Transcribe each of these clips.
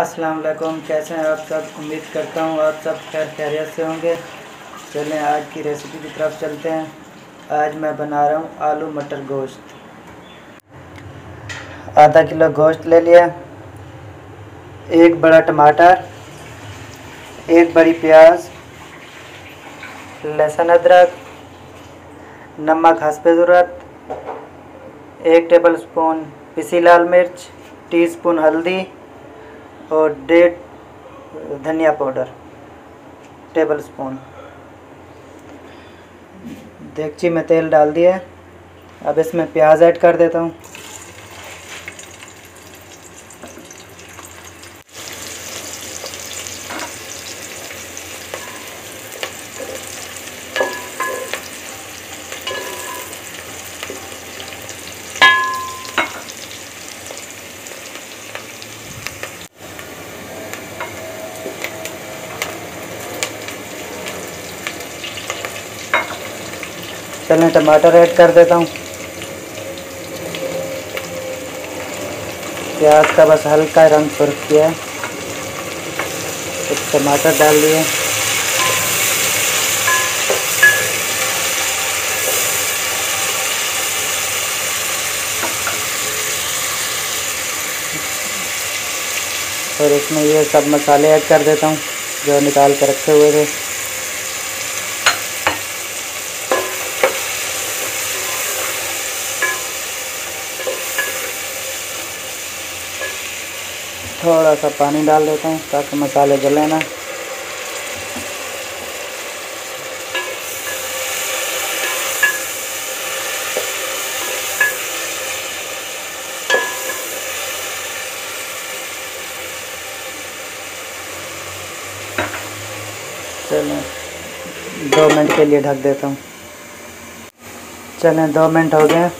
अस्सलाम वालेकुम कैसे हैं आप सब उम्मीद करता हूँ आप सब खैर खैरियत से होंगे चलें आज की रेसिपी की तरफ चलते हैं आज मैं बना रहा हूँ आलू मटर गोश्त आधा किलो गोश्त ले लिया एक बड़ा टमाटर एक बड़ी प्याज लहसुन अदरक नमक हंसपे ज़रूरत एक टेबल स्पून पिसी लाल मिर्च टीस्पून हल्दी और डेढ़ धनिया पाउडर टेबल स्पून देगची में तेल डाल दिया अब इसमें प्याज ऐड कर देता हूँ चलें टमाटर ऐड कर देता हूँ प्याज का बस हल्का रंग सुर्ख किया है टमाटर डाल दिए और इसमें ये सब मसाले ऐड कर देता हूँ जो निकाल के रखे हुए थे थोड़ा सा पानी डाल देता हूँ ताकि मसाले जले ना चलें दो मिनट के लिए ढक देता हूँ चलें दो मिनट हो गए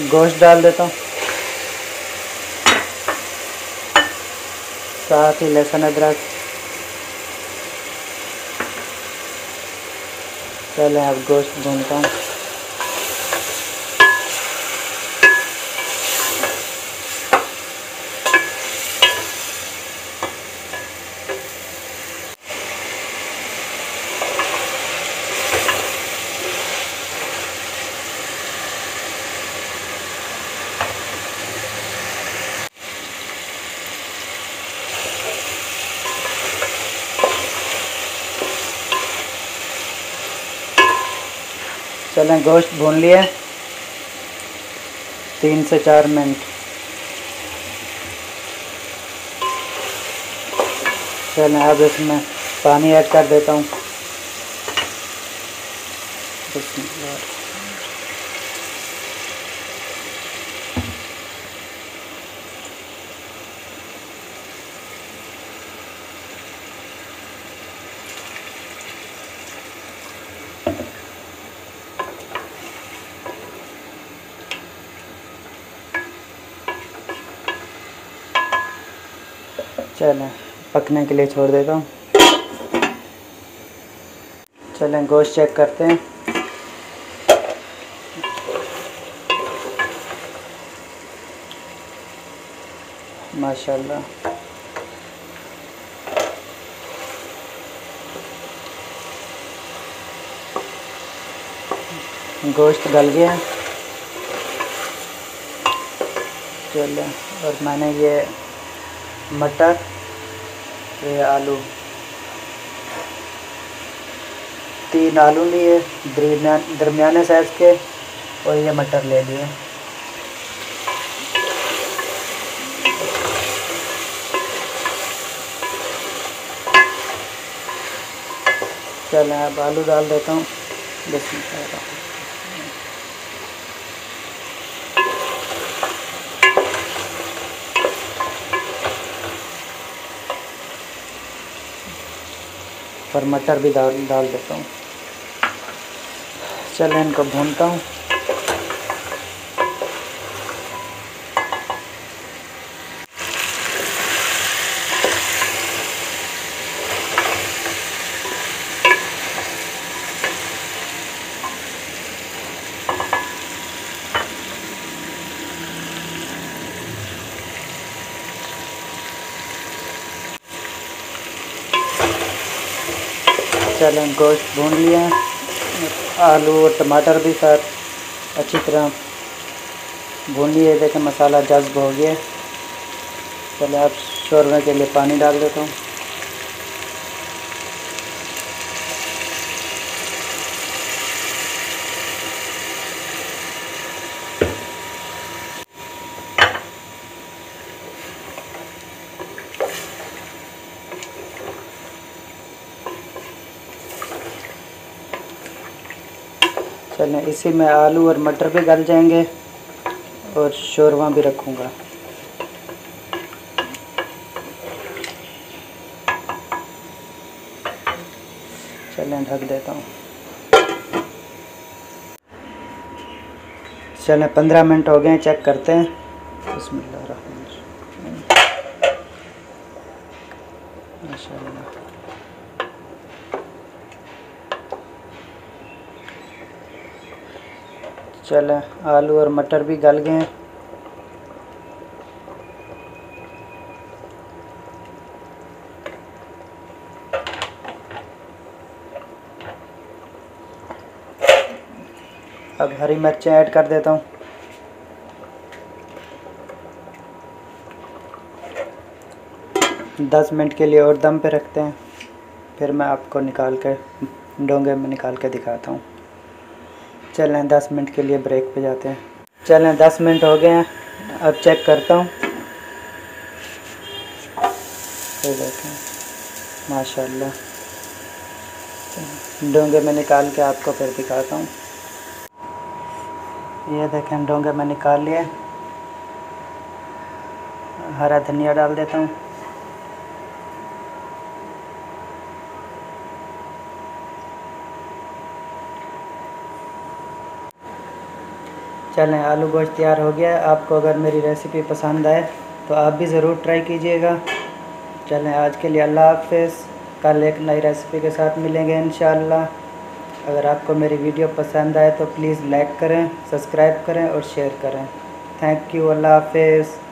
गोश्त डाल देता हूँ साथ ही लहसुन अदरक चले अब गोश्त भूनता हूँ पहले गोश्त भून लिए तीन से चार मिनट चलें अब इसमें पानी ऐड कर देता हूँ चलें पकने के लिए छोड़ देता हूँ चलें गोश्त चेक करते हैं माशाल्लाह गोश्त गल गया चलें और मैंने ये मटर ये आलू तीन आलू लिए दरमियाने साइज के और ये मटर ले लिए चलें अब आलू डाल देता हूँ बस पर मटर भी डाल डाल देता हूँ चलो इनको भूनता हूँ मसाले गोश्त भून लिया आलू और टमाटर भी साथ अच्छी तरह भून लिए देखें मसाला जज्ब हो गया पहले आप शोरमे के लिए पानी डाल देता हूँ चलें इसी में आलू और मटर भी गल जाएंगे और शोरवा भी रखूँगा चलें ढक देता हूँ चलें पंद्रह मिनट हो गए चेक करते हैं बसमिल्लर माशा चलें आलू और मटर भी गल गए हैं अब हरी मिर्चें ऐड कर देता हूँ दस मिनट के लिए और दम पे रखते हैं फिर मैं आपको निकाल कर डोंगे में निकाल के दिखाता हूँ चलें दस मिनट के लिए ब्रेक पे जाते हैं चलें दस मिनट हो गए हैं अब चेक करता हूँ तो देखें माशाल्लाह डोंगे में निकाल के आपको फिर दिखाता हूँ ये देखें डोंगे में निकाल लिए हरा धनिया डाल देता हूँ चलें आलू गोश्त तैयार हो गया आपको अगर मेरी रेसिपी पसंद आए तो आप भी ज़रूर ट्राई कीजिएगा चलें आज के लिए अल्लाह हाफि कल एक नई रेसिपी के साथ मिलेंगे इन अगर आपको मेरी वीडियो पसंद आए तो प्लीज़ लाइक करें सब्सक्राइब करें और शेयर करें थैंक यू अल्लाह हाफिज़